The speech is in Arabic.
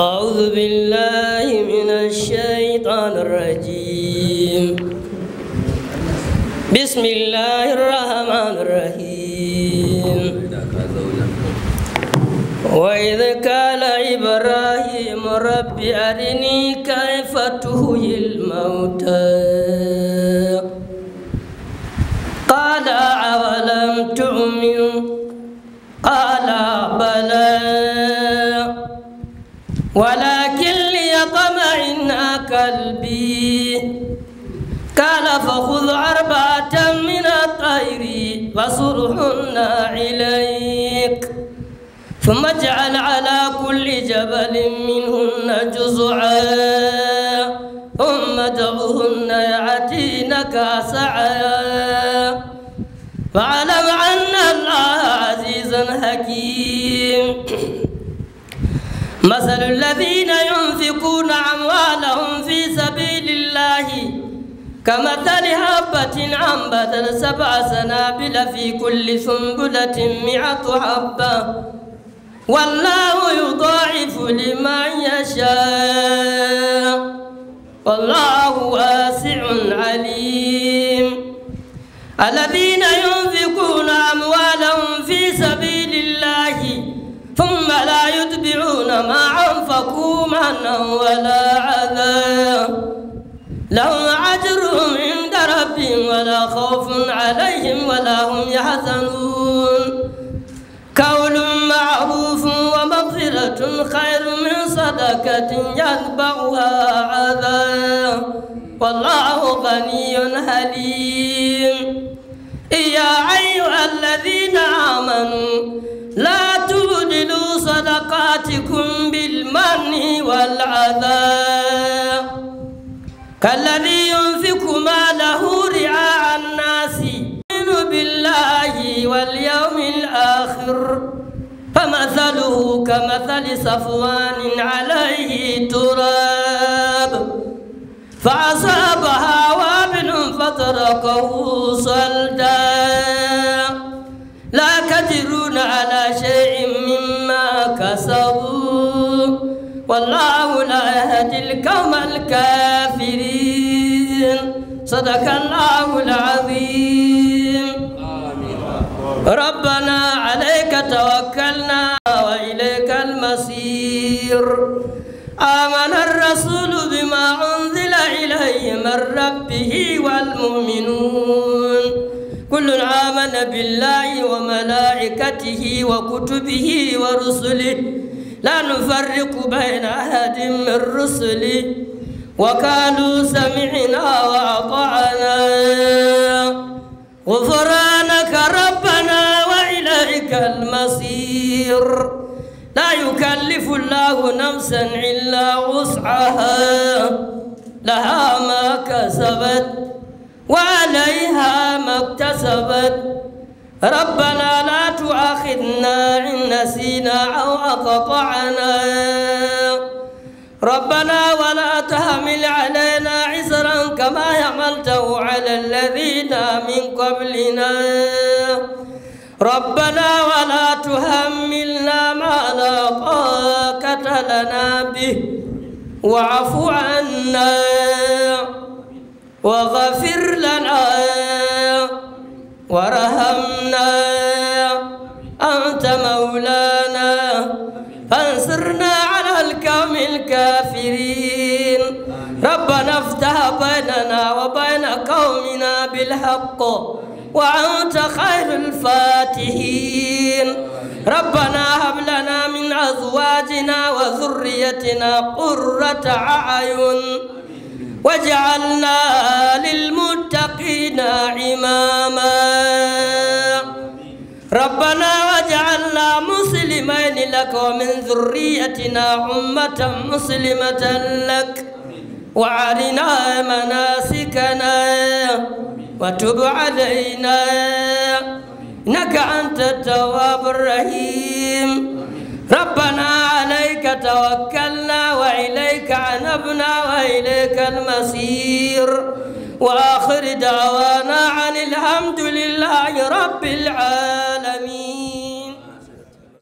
أعوذ بالله من الشيطان الرجيم بسم الله الرحمن الرحيم وإذ قال إبراهيم رب أرني كيف تهي الموتى ولكن ليطمئن قلبي قال فخذ أربعة من الطير فصرهن إليك ثم اجعل على كل جبل منهن جزعا ثم ادعهن يعتينك سعيا فاعلم أن الله عزيز حكيم مثل الذين ينفقون أموالهم في سبيل الله كمثل حبة أنبتت سبع سنابل في كل سنبلة مئة حبة والله يضاعف لمن يشاء والله واسع عليم الذين ينفقون ولا عذاب لهم أجرهم عند ربهم ولا خوف عليهم ولا هم يحزنون قول معروف ومغفرة خير من صدقة يتبعها عذاب والله غني حليم يا أيها الذين آمنوا لا تؤمنوا صدقاتكم بالمن والعذاب كالذي ينفق ماله رعاء الناس يؤمن بالله واليوم الآخر فمثله كمثل صفوان عليه تراب فأصابها وابل فتركه صلدا لا كثيرون على شيء كسبوا والله لا يهدي القوم الكافرين صدق الله العظيم ربنا عليك توكلنا وإليك المصير آمن الرسول بما أنزل إليه من ربه والمؤمنون كل آمن بالله وملائكته وكتبه ورسله لا نفرق بين أحد من رسله وكانوا سمعنا وأطعنا غفرانك ربنا وإليك المصير لا يكلف الله نفسا إلا وسعها لها ما كسبت وعليها ما اكتسبت ربنا لا تؤاخذنا إن نسينا أو أقطعنا ربنا ولا تحمل علينا عسرا كما حملته على الذين من قبلنا ربنا ولا تهملنا ما لا طاقة لنا به واعف عنا وغفر لنا وارحمنا أنت مولانا فانصرنا على الكوم الكافرين ربنا افتح بيننا وبين قومنا بالحق وأنت خير الفاتحين ربنا هب لنا من أزواجنا وذريتنا قرة أعين واجعلنا للمتقين إماما ربنا واجعلنا مسلمين لك ومن ذريتنا أمة مسلمة لك وعلنا مناسكنا وتب علينا إنك أنت التواب الرحيم ربنا عليك توكلنا وإليك عنبنا وإليك المصير وآخر دعوانا عن الحمد لله رب العالمين